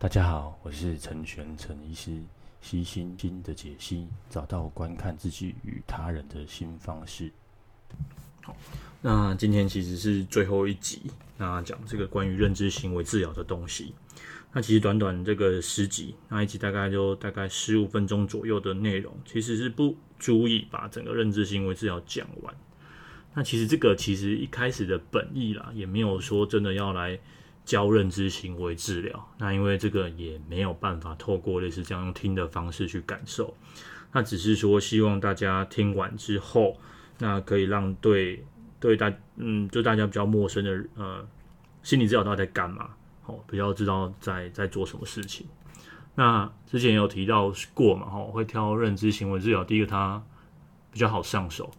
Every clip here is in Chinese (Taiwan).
大家好，我是陳玄陳醫師，悉心經的解析，找到觀看自己與他人的新方式。好，那今天其實是最後一集，那講這個關於認知行為治療的東西。那其實短短這個十集，那一集大概就大概十五分鐘左右的內容，其實是不足以把整個認知行為治療講完。那其實這個其實一開始的本意啦，也沒有說真的要來。教認知行為治療，那因為這個也沒有辦法透過類似這樣用聽的方式去感受，那只是說希望大家聽完之後，那可以讓對對大嗯，就大家比較陌生的呃，心理治療到底在幹嘛，好比較知道在在做什麼事情。那之前有提到過嘛，哈，會挑認知行為治療，第一個它比較好上手，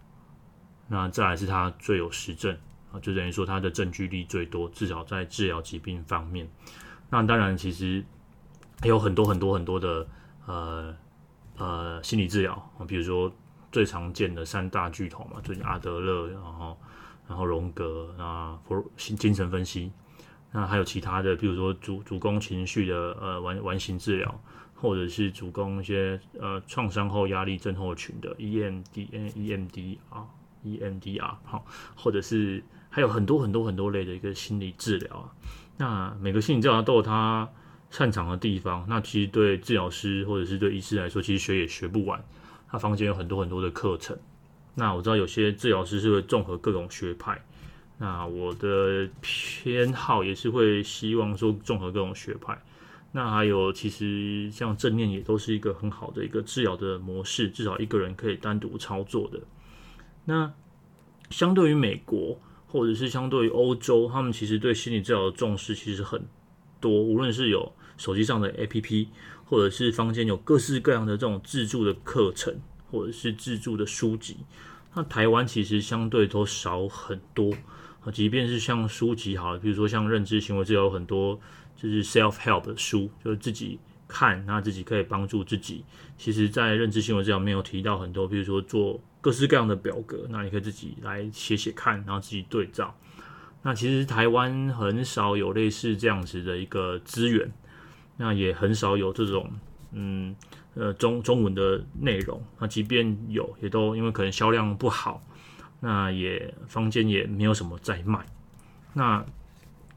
那再來是它最有實證。就等於說它的證據力最多，至少在治療疾病方面。那當然，其實還有很多很多很多的呃呃心理治療，比如說最常見的三大巨頭嘛，最近阿德勒，然後然後榮格，那佛洛伊德精神分析，那還有其他的，比如說主主攻情緒的呃完完形治療，或者是主攻一些呃創傷後壓力症候群的 EMD N EMDR。EM D，啊 EMDR 好，或者是還有很多很多很多類的一個心理治療啊。那每個心理治療都有它擅長的地方。那其實對治療師或者是對醫師來說，其實學也學不完。他坊間有很多很多的課程。那我知道有些治療師是會綜合各種學派。那我的偏好也是會希望說綜合各種學派。那還有其實像正念也都是一個很好的一個治療的模式，至少一個人可以單獨操作的。那相對於美國或者是相對於歐洲，他們其實對心理治療的重視其實很多，無論是有手機上的 APP，或者是坊間有各式各樣的這種自助的課程，或者是自助的書籍。那台灣其實相對都少很多。啊，即便是像書籍好了，好，比如說像認知行為治療很多就是 self help 的書，就是自己看，那自己可以幫助自己。其實，在認知行為治療沒有提到很多，比如說做。各式各樣的表格，那你可以自己來寫寫看，然後自己對照。那其實台灣很少有類似這樣子的一個資源，那也很少有這種嗯呃中中文的內容。那即便有，也都因為可能銷量不好，那也坊間也沒有什麼在賣。那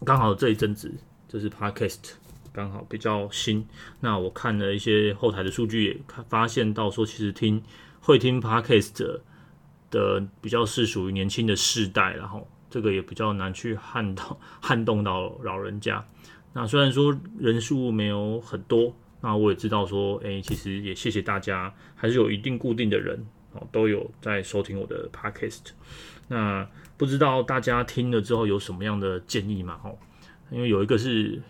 剛好這一陣子就是 Podcast 剛好比較新，那我看了一些後台的數據，也看發現到說其實聽。會聽 podcast 的比較是屬於年輕的世代，然後這個也比較難去撼動撼動到老人家。那雖然說人數沒有很多，那我也知道說，哎，其實也謝謝大家，還是有一定固定的人哦，都有在收聽我的 podcast。那不知道大家聽了之後有什麼樣的建議嗎？哦，因為有一個是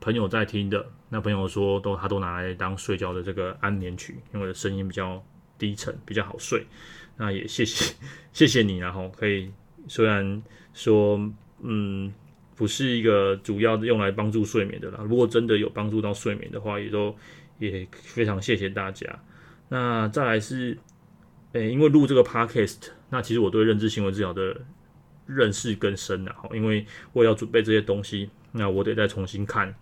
朋友在聽的，那朋友說都他都拿來當睡覺的這個安眠曲，因為我的聲音比較。低沉比較好睡，那也謝謝謝謝你、啊，然後可以雖然說嗯不是一個主要用來幫助睡眠的啦，如果真的有幫助到睡眠的話，也都也非常謝謝大家。那再來是，呃、欸，因為錄這個 podcast，那其實我對認知行為治療的認識更深了，好，因為我要準備這些東西，那我得再重新看。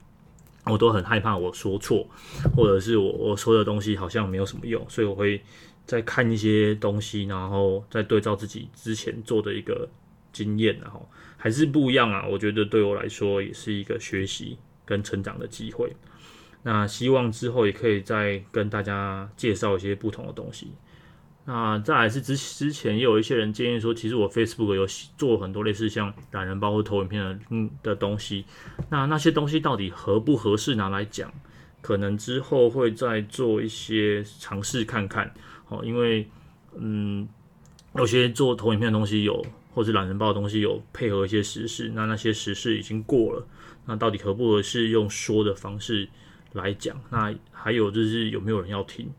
我都很害怕我說錯，或者是我我說的東西好像沒有什麼用，所以我會再看一些東西，然後再對照自己之前做的一個經驗，然後還是不一樣啊，我覺得對我來說也是一個學習跟成長的機會。那希望之後也可以再跟大家介紹一些不同的東西。那再來是之之前也有一些人建議說，其實我 Facebook 有做很多類似像懶人包或投影片的嗯的東西，那那些東西到底合不合適拿來講？可能之後會再做一些嘗試看看。哦，因為嗯，有些做投影片的東西有，或是懶人包的東西有配合一些時事，那那些時事已經過了，那到底合不合適用說的方式來講？那還有就是有沒有人要聽？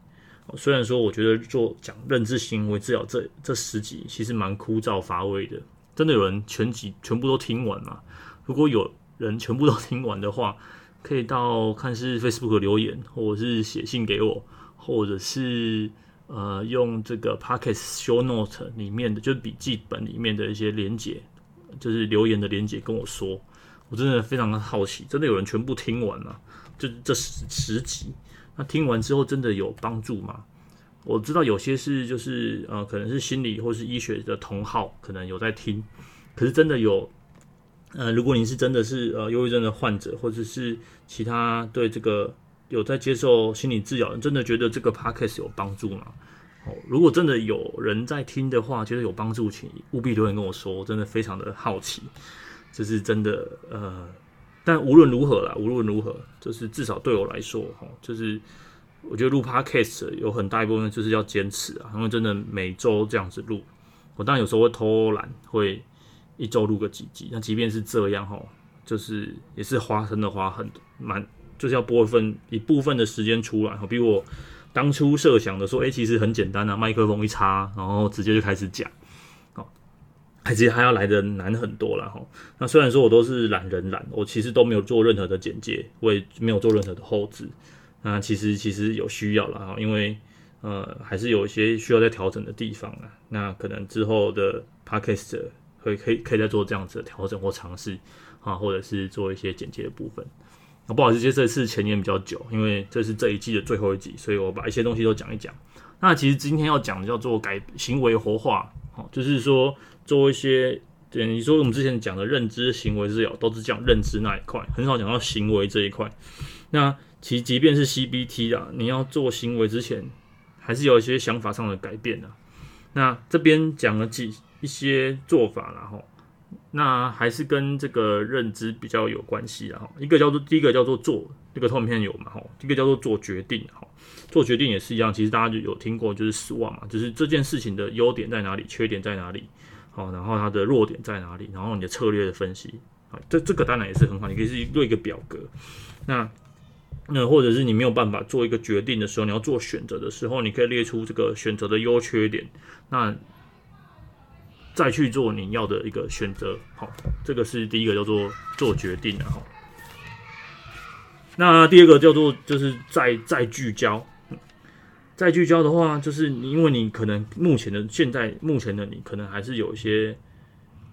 雖然說，我覺得做講認知行為治療這這十集其實蠻枯燥乏味的。真的有人全集全部都聽完嗎？如果有人全部都聽完的話，可以到看是 Facebook 留言，或者是寫信給我，或者是呃用這個 Podcast Show Note 裡面的，就是筆記本裡面的一些連結，就是留言的連結跟我說。我真的非常好奇，真的有人全部聽完了？就這十十集，那聽完之後真的有幫助嗎？我知道有些事就是呃，可能是心理或是醫學的同好可能有在聽，可是真的有呃，如果你是真的是呃，憂鬱症的患者，或者是其他對這個有在接受心理治療，你真的覺得這個 podcast 有幫助嗎？哦，如果真的有人在聽的話，覺得有幫助，請務必留言跟我說，我真的非常的好奇，這、就是真的呃。但無論如何啦，無論如何，就是至少對我來說，哈，就是我覺得錄 podcast 有很大一部分就是要堅持啊，因為真的每周這樣子錄，我當然有時候會偷懶，會一周錄個幾集。那即便是這樣，哦，就是也是花生的花很蠻就是要播一份一部分的時間出來，哈，比我當初設想的說，哎、欸，其實很簡單啊，麥克風一插，然後直接就開始講。還其實還要來得難很多了哈。那雖然說我都是懶人懶，我其實都沒有做任何的簡介，我也沒有做任何的後置。那其實其實有需要了哈，因為呃還是有一些需要再調整的地方啊。那可能之後的 podcast 會可以可以，可以再做這樣子的調整或嘗試啊，或者是做一些簡介的部分。那不好意思，這次前言比較久，因為這是這一季的最後一集，所以我把一些東西都講一講。那其實今天要講的叫做改行為活化，好，就是說。做一些對，你說我們之前講的認知行為治療，都是講認知那一塊，很少講到行為這一塊。那其即便是 CBT 啊，你要做行為之前，還是有一些想法上的改變的。那這邊講了幾一些做法，然後那還是跟這個認知比較有關係啊。一個叫做第一個叫做做這個透明片有嘛哈，一個叫做做決定哈，做決定也是一樣，其實大家就有聽過就是失望嘛，就是這件事情的優點在哪裡，缺點在哪裡。好，然後它的弱點在哪裡？然後你的策略的分析，啊，這這個當然也是很好，你可以是做一個表格。那那或者是你沒有辦法做一個決定的時候，你要做選擇的時候，你可以列出這個選擇的優缺點，那再去做你要的一個選擇。好，這個是第一個叫做做決定的哈。那第二個叫做就是再再聚焦。再聚焦的話，就是你因為你可能目前的現在目前的你可能還是有一些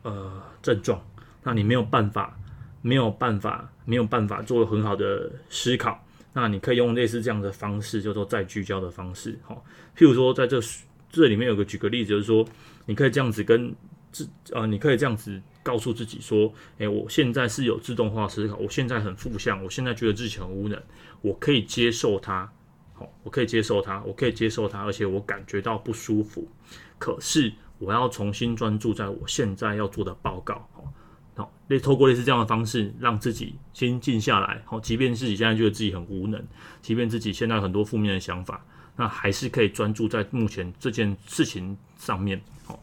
呃症狀，那你沒有辦法沒有辦法沒有辦法做很好的思考。那你可以用類似這樣的方式叫做、就是、再聚焦的方式，哈。譬如說在這這裡面有個舉個例子，就是說你可以這樣子跟自呃，你可以這樣子告訴自己說，誒、欸，我現在是有自動化思考，我現在很負向，我現在覺得自己很無能，我可以接受它。我可以接受它，我可以接受它，而且我感覺到不舒服。可是我要重新專注在我現在要做的報告。好、哦，那透過類似這樣的方式，讓自己先靜下來。好、哦，即便自己現在覺得自己很無能，即便自己現在有很多負面的想法，那還是可以專注在目前這件事情上面。好、哦，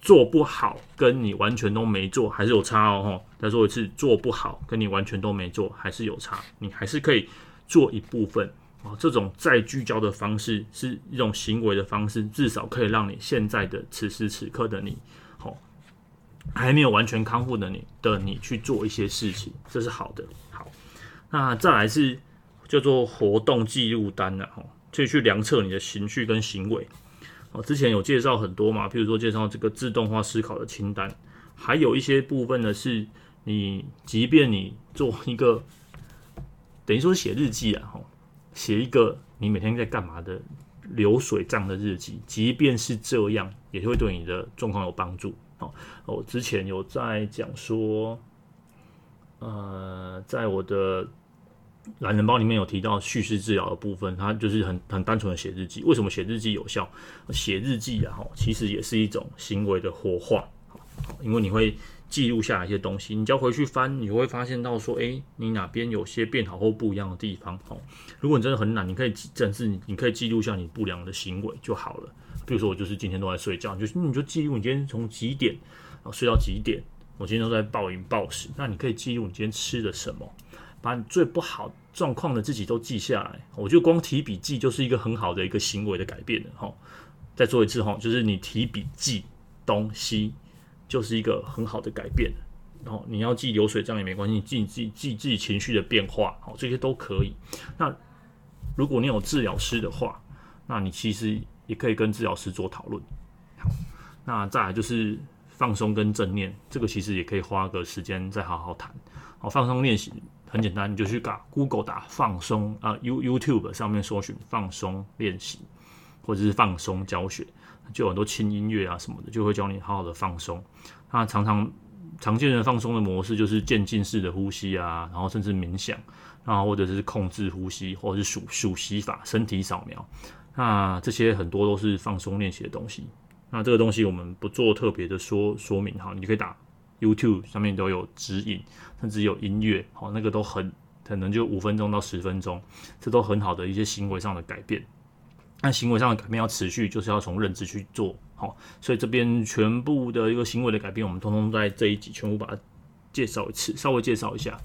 做不好跟你完全都沒做還是有差哦。吼，再說一次，做不好跟你完全都沒做還是有差。你還是可以做一部分。哦、這種再聚焦的方式是一種行為的方式，至少可以讓你現在的此時此刻的你，好、哦，還沒有完全康復的你，的你去做一些事情，這是好的。好，那再來是叫做活動記錄單了、啊，吼、哦，可以去量測你的情緒跟行為。哦，之前有介紹很多嘛，譬如說介紹這個自動化思考的清單，還有一些部分呢是，你即便你做一個，等於說寫日記啊，吼、哦。寫一個你每天在幹嘛的流水賬的日記，即便是這樣，也會對你的狀況有幫助。哦，我之前有在講說，呃，在我的懶人包裡面有提到敘事治療的部分，它就是很很單純的寫日記。為什麼寫日記有效？寫日記然後其實也是一種行為的活化，因為你會，記錄下來一些東西，你只要回去翻，你會發現到說，哎、欸，你哪邊有些變好或不一樣的地方，哦，如果你真的很懶，你可以整次你，你可以記錄下你不良的行為就好了。比如說，我就是今天都在睡覺，你就你就記錄你今天從幾點啊、哦、睡到幾點，我今天都在暴飲暴食，那你可以記錄你今天吃的什麼，把你最不好狀況的自己都記下來。我覺得光提筆記就是一個很好的一個行為的改變了哈、哦。再做一次哈、哦，就是你提筆記東西。就是一個很好的改變，然後你要記流水賬也沒關係，記你自己記自己情緒的變化，好，這些都可以。那如果你有治療師的話，那你其實也可以跟治療師做討論。好，那再來就是放鬆跟正念，這個其實也可以花個時間再好好談。好，放鬆練習很簡單，你就去打 Google 打放鬆啊，You YouTube 上面搜尋放鬆練習。或者是放鬆教學，就很多輕音樂啊什麼的，就會教你好好的放鬆。那常常常見的放鬆的模式就是漸進式的呼吸啊，然後甚至冥想，然後或者是控制呼吸，或者是數數息法、身體掃描。那這些很多都是放鬆練習的東西。那這個東西我們不做特別的說說明，哈，你就可以打 YouTube 上面都有指引，甚至有音樂，好，那個都很，可能就五分鐘到十分鐘，這都很好的一些行為上的改變。那行為上的改變要持續，就是要從認知去做好。所以這邊全部的一個行為的改變，我們通通在這一集全部把它介紹一次，稍微介紹一下。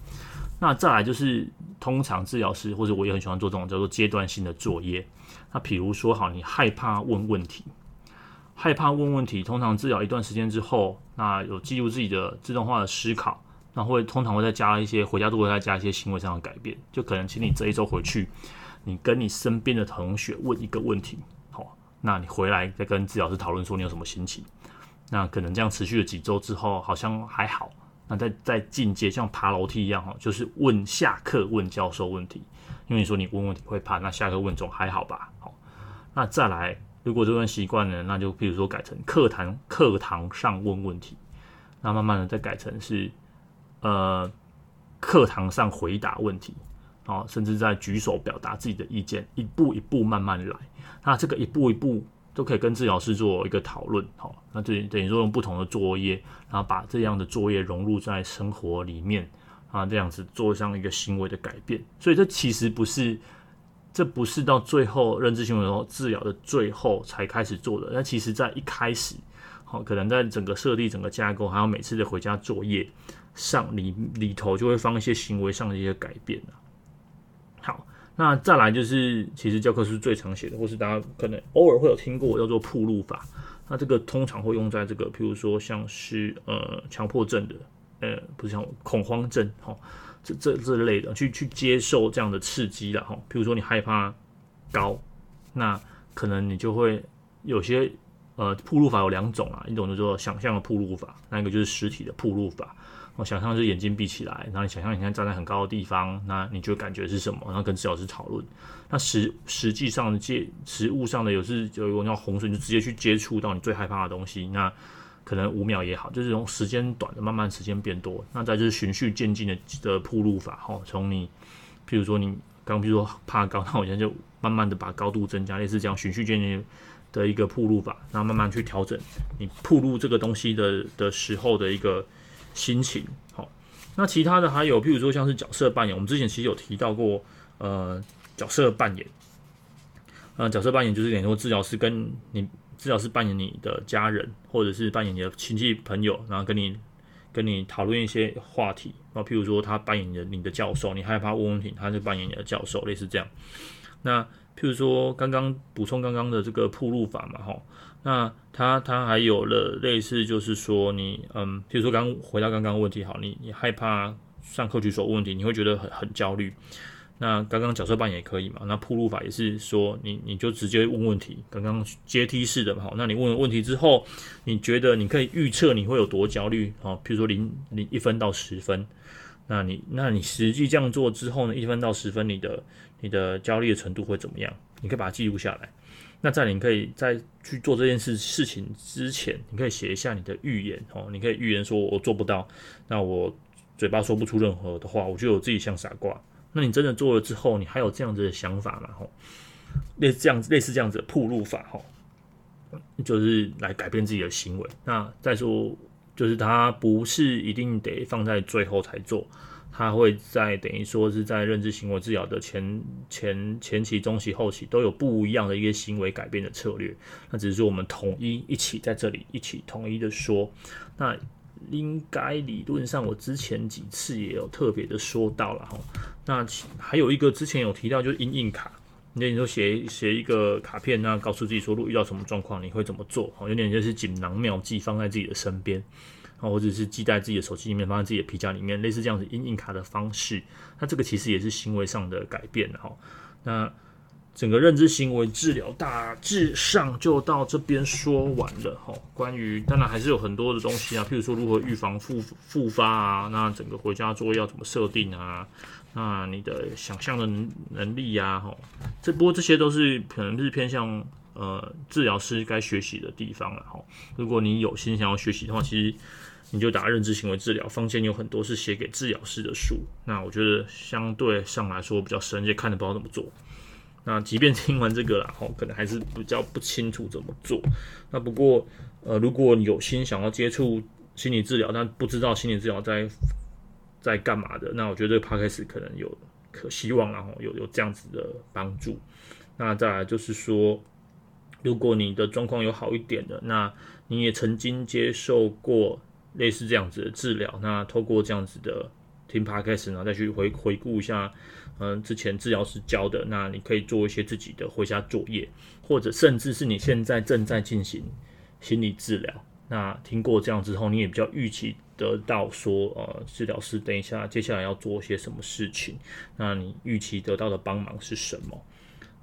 那再來就是，通常治療師或者我也很喜歡做這種叫做階段性的作業。那比如說，好，你害怕問問題，害怕問問題，通常治療一段時間之後，那有記錄自己的自動化的思考，那會通常會再加一些，回家都會再加一些行為上的改變，就可能請你這一周回去，你跟你身邊的同學問一個問題，好，那你回來再跟治療師討論說你有什麼心情。那可能這樣持續了幾周之後，好像還好。那再再進階，像爬樓梯一樣，哈，就是問下課問教授問題。因為你說你問問題會怕，那下課問總還好吧？好，那再來，如果這段習慣呢，那就譬如說改成課堂課堂上問問題。那慢慢的再改成是呃課堂上回答問題。哦，甚至在舉手表達自己的意見，一步一步慢慢來。那這個一步一步都可以跟治療師做一個討論，好，那這等於說用不同的作業，然後把這樣的作業融入在生活裡面啊，這樣子做上一個行為的改變。所以這其實不是，這不是到最後認知行為的時候治療的最後才開始做的。那其實在一開始，好，可能在整個設立、整個架構，還有每次的回家作業上裡裡頭就會放一些行為上的一些改變啊。那再來就是，其實教科書最常寫的，或是大家可能偶爾會有聽過叫做曝露法。那這個通常會用在這個，譬如說像是呃強迫症的，呃不是像恐慌症哈，這這這類的去去接受這樣的刺激啦哈。譬如說你害怕高，那可能你就會有些呃曝露法有兩種啊，一種叫做想象的曝露法，那一個就是實體的曝露法。我想象是眼睛閉起來，然後你想象你現在站在很高的地方，那你就感覺是什麼？然後跟治療師討論。那實實際上，介實物上的有時是，有，是有紅色你要洪水，就直接去接觸到你最害怕的東西。那可能五秒也好，就是從時間短的，慢慢時間變多。那再就是循序漸進的的暴露法，吼，從你，比如說你剛，比如說怕高，那我現在就慢慢的把高度增加，類似這樣循序漸進的一個暴露法，那慢慢去調整你暴露這個東西的的時候的一個心情好，那其他的還有，譬如說像是角色扮演，我們之前其實有提到過，呃，角色扮演。那、呃、角色扮演就是，等於說治療師跟你，治療師扮演你的家人，或者是扮演你的親戚朋友，然後跟你跟你討論一些話題。那譬如說，他扮演你的你的教授，你害怕問問題，他就扮演你的教授，類似這樣。那譬如說，剛剛補充剛剛的這個曝露法嘛，哈，那它它還有了類似，就是說你，嗯，譬如說剛回到剛剛問題，哈，你你害怕上課舉手問問題，你會覺得很很焦慮。那剛剛角色扮演也可以嘛，那曝露法也是說你你就直接問問題，剛剛階梯式的嘛，哈，那你問了問題之後，你覺得你可以預測你會有多焦慮啊？譬如說零零一分到十分，那你那你實際這樣做之後呢，一分到十分你的。你的焦慮的程度會怎麼樣？你可以把它記錄下來。那再來，你可以在去做這件事事情之前，你可以寫一下你的預言哦。你可以預言說，我做不到，那我嘴巴說不出任何的話，我覺得我自己像傻瓜。那你真的做了之後，你還有這樣子的想法嗎？吼，類似這樣子，類似這樣子的曝露法，吼，就是來改變自己的行為。那再說，就是它不是一定得放在最後才做。他會在等於說是在認知行為治療的前前前期、中期、後期都有不一樣的一個行為改變的策略。那只是說我們統一一起在這裡一起統一的說，那應該理論上我之前幾次也有特別的說到了哈。那還有一個之前有提到，就是因應卡，那你就寫寫一個卡片，那告訴自己說，如果遇到什麼狀況，你會怎麼做？有點就是錦囊妙計放在自己的身邊。哦，或者是記在自己的手機裡面，放在自己的皮夾裡面，類似這樣子因應卡的方式，那這個其實也是行為上的改變哈。那整個認知行為治療大致上就到這邊說完了哈。關於當然還是有很多的東西啊，譬如說如何預防復復發啊，那整個回家作業要怎麼設定啊，那你的想象的能能力啊，哈，這不過這些都是可能就是偏向。呃，治療師該學習的地方了哈。如果你有心想要學習的話，其實你就打認知行為治療，坊間有很多是寫給治療師的書。那我覺得相對上來說比較深，也看得不好怎麼做。那即便聽完這個了，哈，可能還是比較不清楚怎麼做。那不過，呃，如果你有心想要接觸心理治療，但不知道心理治療在在幹嘛的，那我覺得這個 podcast 可能有可希望啦，然後有有這樣子的幫助。那再來就是說。如果你的狀況有好一點的，那你也曾經接受過類似這樣子的治療，那透過這樣子的聽 podcast 呢，再去回回顧一下，嗯、呃，之前治療師教的，那你可以做一些自己的回家作業，或者甚至是你現在正在進行心理治療，那聽過這樣之後，你也比較預期得到說，呃，治療師等一下接下來要做些什麼事情，那你預期得到的幫忙是什麼？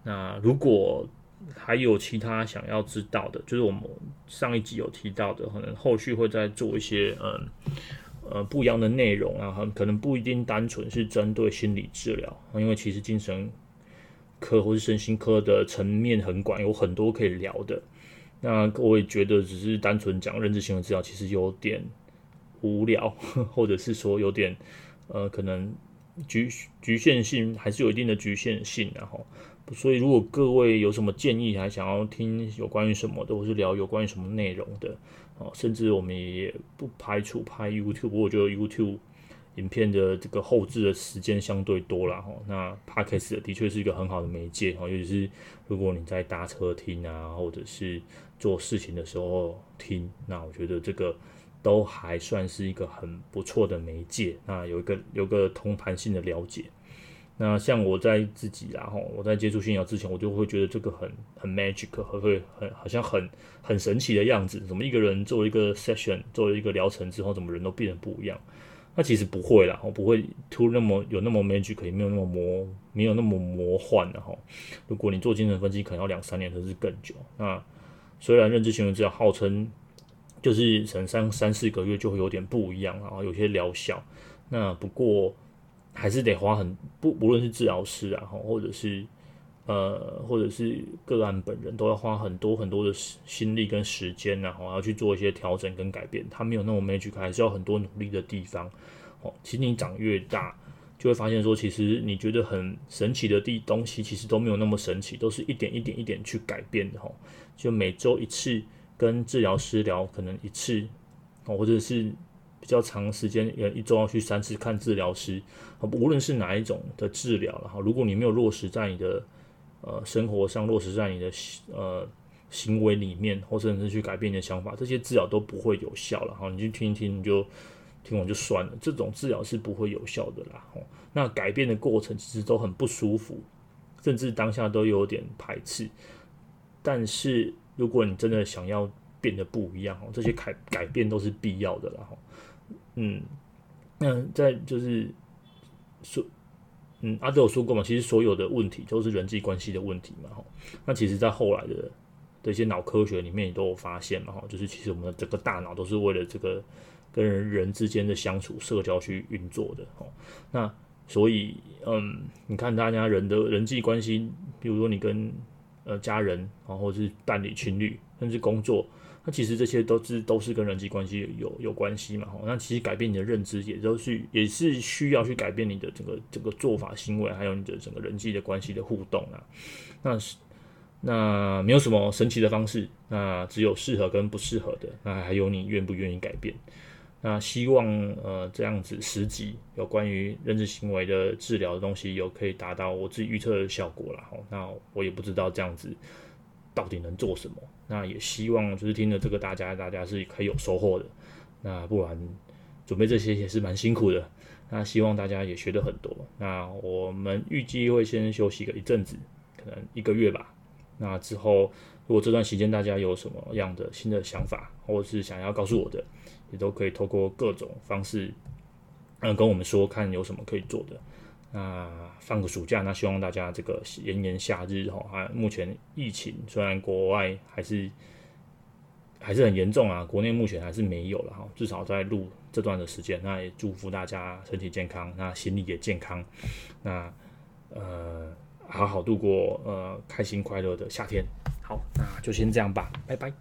那如果還有其他想要知道的，就是我們上一集有提到的，可能後續會再做一些嗯呃，呃不一樣的內容啊，可能不一定單純是針對心理治療，因為其實精神科或是身心科的層面很廣，有很多可以聊的。那我也覺得，只是單純講認知行為治療，其實有點無聊，或者是說有點呃，可能局局限性還是有一定的局限性的啊哈。所以，如果各位有什麼建議，還想要聽有關於什麼的，或是聊有關於什麼內容的，哦，甚至我們也不排除拍 YouTube。我覺得 YouTube 影片的這個後製的時間相對多了，那 Podcast 的確是一個很好的媒介，尤其是如果你在搭車聽啊，或者是做事情的時候聽，那我覺得這個都還算是一個很不錯的媒介。那有一個有一個通盤性的了解。那像我在自己然後我在接觸心療之前，我就會覺得這個很很 magic，很會很好像很很神奇的樣子。怎麼一個人做一個 session，做一個療程之後，怎麼人都變得不一樣？那其實不會啦，我不會突那麼有那麼 magic，也沒有那麼魔，沒有那麼魔幻的哈。如果你做精神分析，可能要兩三年甚至更久。那雖然認知行為治療號稱就是成三三四個月就會有點不一樣，然後有些療效。那不過，還是得花很，不，不論是治療師啊，或者是呃，或者是個案本人都要花很多很多的心力跟時間啊，然後要去做一些調整跟改變，他沒有那麼 magic，還是要很多努力的地方。哦，其實你長越大，就會發現說，其實你覺得很神奇的地東西，其實都沒有那麼神奇，都是一點一點一點去改變的，吼。就每周一次跟治療師聊，可能一次哦，或者是。比較長時間，也一周要去三次看治療師，無論是哪一種的治療，然後如果你沒有落實在你的呃生活上，落實在你的呃行為裡面，或者是去改變你的想法，這些治療都不會有效了哈。你去聽一聽，你就聽完就算了，這種治療是不會有效的啦。哦，那改變的過程其實都很不舒服，甚至當下都有點排斥。但是如果你真的想要變得不一樣，哦，這些改改變都是必要的了哈。嗯，那在就是說，嗯，阿德有說過嘛，其實所有的問題都是人際關係的問題嘛，哈。那其實，在後來的這一些腦科學裡面，也都有發現嘛，哈，就是其實我們的整個大腦都是為了這個跟人之間的相處、社交去運作的，哈。那所以，嗯，你看，大家人的人際關係，比如說你跟呃家人，然後是伴侶、情侶，甚至工作。那其實這些都是都是跟人際關係有有，有關係嘛吼，那其實改變你的認知也都是也是需要去改變你的整個這個做法行為，還有你的整個人際的關係的互動啊，那是那沒有什麼神奇的方式，那只有適合跟不適合的，那還有你願不願意改變，那希望呃這樣子十集有關於認知行為的治療的東西有可以達到我自己預測的效果了吼，那我也不知道這樣子到底能做什麼。那也希望就是聽了這個大，大家大家是可以有收穫的。那不然準備這些也是蠻辛苦的。那希望大家也學得很多。那我們預計會先休息個一陣子，可能一個月吧。那之後如果這段時間大家有什麼樣的新的想法，或者是想要告訴我的，也都可以透過各種方式，嗯、呃，跟我們說，看有什麼可以做的。那放個暑假，那希望大家這個炎炎夏日吼，還目前疫情雖然國外還是還是很嚴重啊，國內目前還是沒有了哈，至少在錄這段的時間，那也祝福大家身體健康，那心理也健康，那呃好好度過呃開心快樂的夏天。好，那就先這樣吧，拜拜。